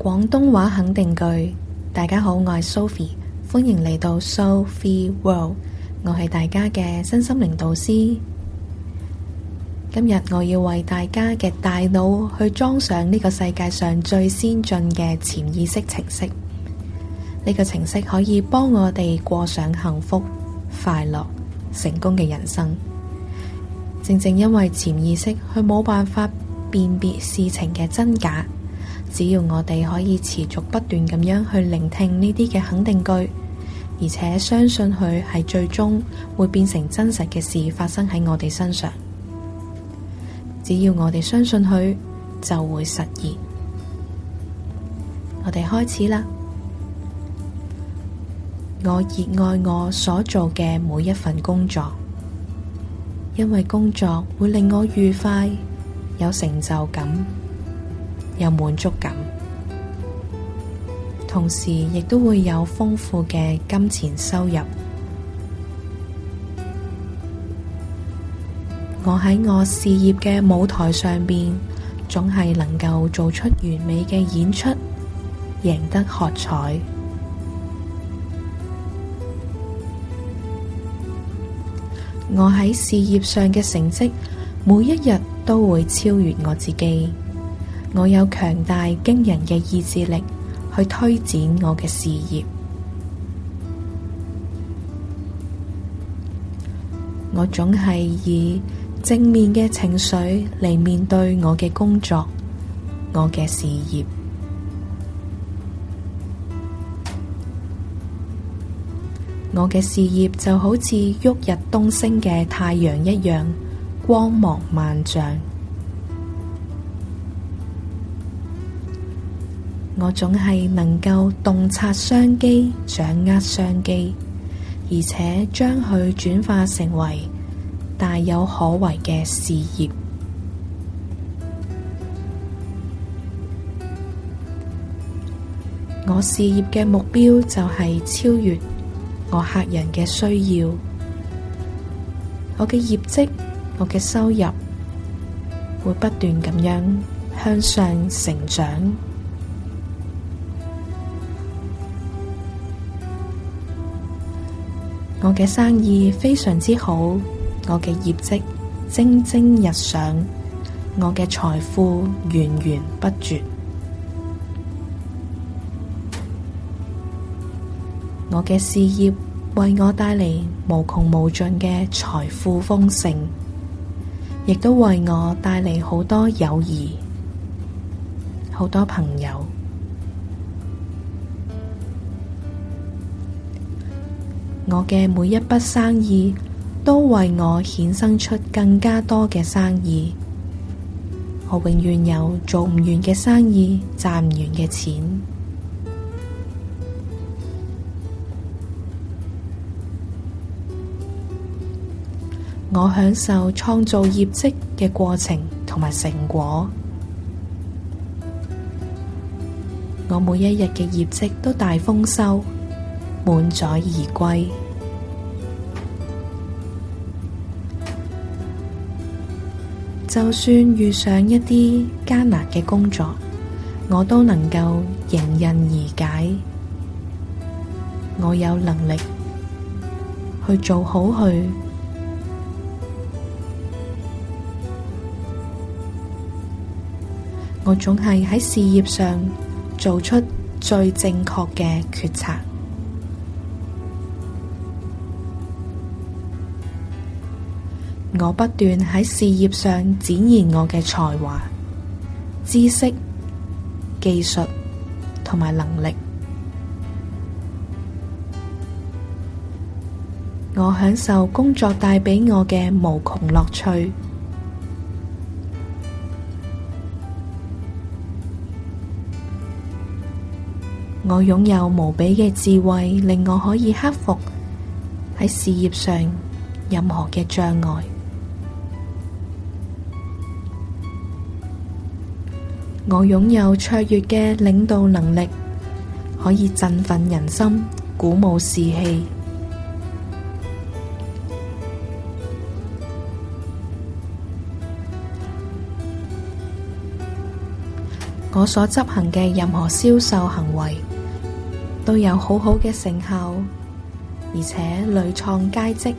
廣東話肯定句，大家好，我係 Sophy，歡迎嚟到 Soul Free World，我係大家嘅身心靈導師。今日我要為大家嘅大腦去裝上呢個世界上最先進嘅潛意識程式，呢個程式可以幫我哋過上幸福、快樂、成功嘅人生。正正因為潛意識，佢冇辦法辨別事情嘅真假。只要我哋可以持續不斷咁樣去聆聽呢啲嘅肯定句，而且相信佢係最終會變成真實嘅事發生喺我哋身上。只要我哋相信佢，就會實現。我哋開始啦！我熱愛我所做嘅每一份工作，因為工作會令我愉快，有成就感。有滿足感，同時亦都會有豐富嘅金錢收入。我喺我事業嘅舞台上邊，總係能夠做出完美嘅演出，贏得喝彩。我喺事業上嘅成績，每一日都會超越我自己。我有強大驚人嘅意志力去推展我嘅事業。我總係以正面嘅情緒嚟面對我嘅工作、我嘅事業。我嘅事業就好似旭日東升嘅太陽一樣，光芒萬丈。我總係能夠洞察商機、掌握商機，而且將佢轉化成為大有可為嘅事業。我事業嘅目標就係超越我客人嘅需要。我嘅業績、我嘅收入會不斷咁樣向上成長。我嘅生意非常之好，我嘅業績蒸蒸日上，我嘅財富源源不絕，我嘅事業為我帶嚟無窮無盡嘅財富豐盛，亦都為我帶嚟好多友誼，好多朋友。我嘅每一筆生意都為我衍生出更加多嘅生意，我永遠有做唔完嘅生意，賺唔完嘅錢。我享受創造業績嘅過程同埋成果，我每一日嘅業績都大豐收。滿載而歸，就算遇上一啲艱難嘅工作，我都能夠迎刃而解。我有能力去做好佢，我總係喺事業上做出最正確嘅決策。我不斷喺事業上展現我嘅才華、知識、技術同埋能力。我享受工作帶畀我嘅無窮樂趣。我擁有無比嘅智慧，令我可以克服喺事業上任何嘅障礙。我擁有卓越嘅領導能力，可以振奮人心、鼓舞士氣。我所執行嘅任何銷售行為都有好好嘅成效，而且屢創佳績。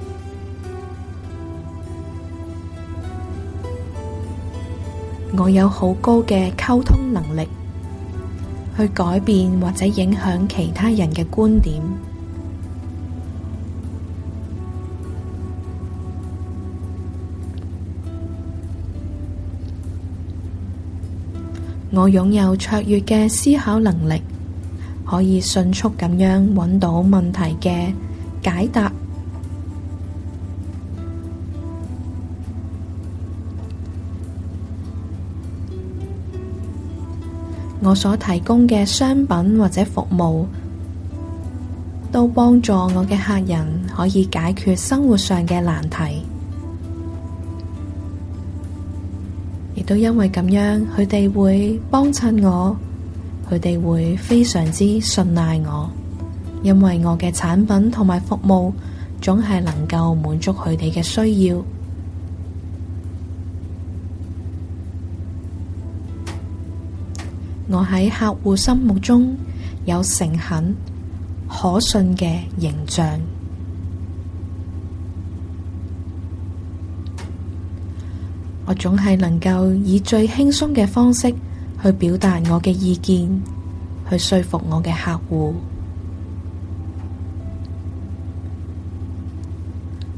我有好高嘅溝通能力，去改變或者影響其他人嘅觀點。我擁有卓越嘅思考能力，可以迅速咁樣搵到問題嘅解答。我所提供嘅商品或者服務，都幫助我嘅客人可以解決生活上嘅難題，亦都因為咁樣，佢哋會幫襯我，佢哋會非常之信賴我，因為我嘅產品同埋服務總係能夠滿足佢哋嘅需要。我喺客戶心目中有誠懇、可信嘅形象。我總係能夠以最輕鬆嘅方式去表達我嘅意見，去說服我嘅客戶。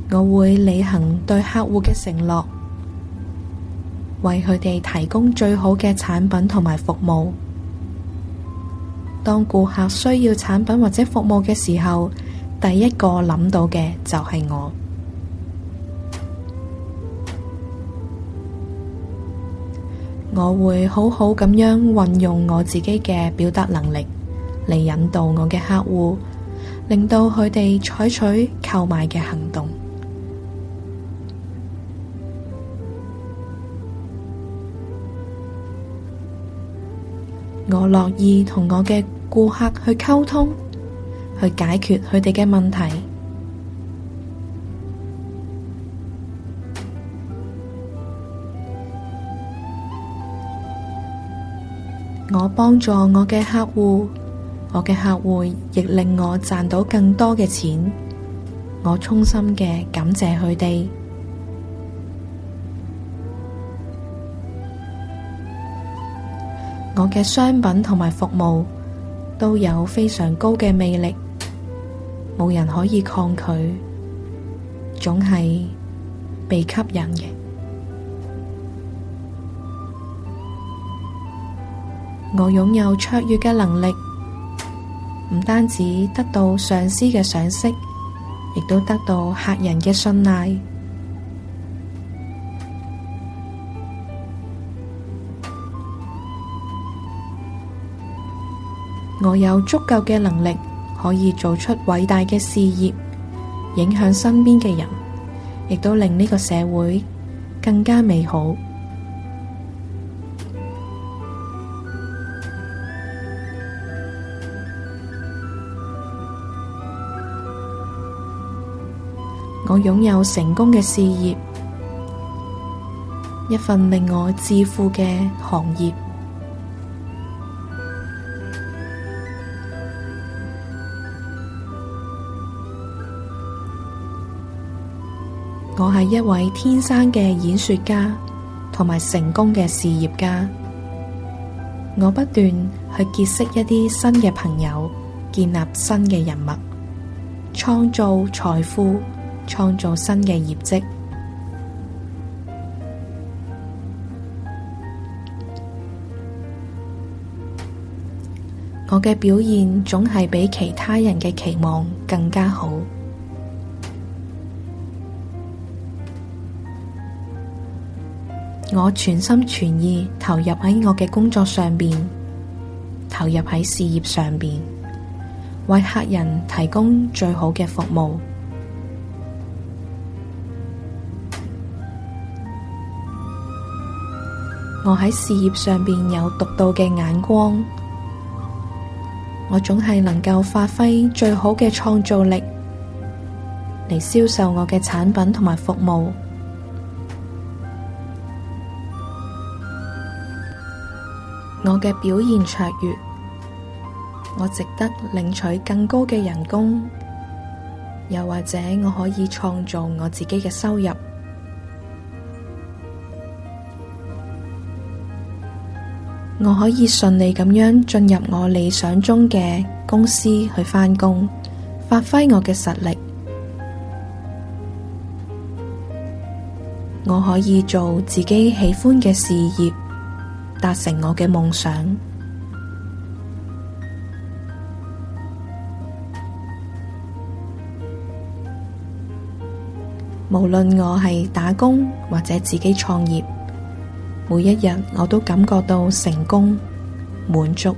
我會履行對客戶嘅承諾。為佢哋提供最好嘅產品同埋服務。當顧客需要產品或者服務嘅時候，第一個諗到嘅就係我。我會好好咁樣運用我自己嘅表達能力，嚟引導我嘅客戶，令到佢哋採取購買嘅行動。我樂意同我嘅顧客去溝通，去解決佢哋嘅問題。我幫助我嘅客戶，我嘅客戶亦令我賺到更多嘅錢。我衷心嘅感謝佢哋。我嘅商品同埋服務都有非常高嘅魅力，冇人可以抗拒，總係被吸引嘅。我擁有卓越嘅能力，唔單止得到上司嘅賞識，亦都得到客人嘅信賴。我有足夠嘅能力，可以做出偉大嘅事業，影響身邊嘅人，亦都令呢個社會更加美好。我擁有成功嘅事業，一份令我致富嘅行業。我係一位天生嘅演說家，同埋成功嘅事業家。我不斷去結識一啲新嘅朋友，建立新嘅人脈，創造財富，創造新嘅業績。我嘅表現總係比其他人嘅期望更加好。我全心全意投入喺我嘅工作上邊，投入喺事業上邊，為客人提供最好嘅服務。我喺事業上邊有獨到嘅眼光，我總係能夠發揮最好嘅創造力嚟銷售我嘅產品同埋服務。我嘅表現卓越，我值得領取更高嘅人工，又或者我可以創造我自己嘅收入。我可以順利咁樣進入我理想中嘅公司去返工，發揮我嘅實力。我可以做自己喜歡嘅事業。達成我嘅夢想，無論我係打工或者自己創業，每一日我都感覺到成功滿足。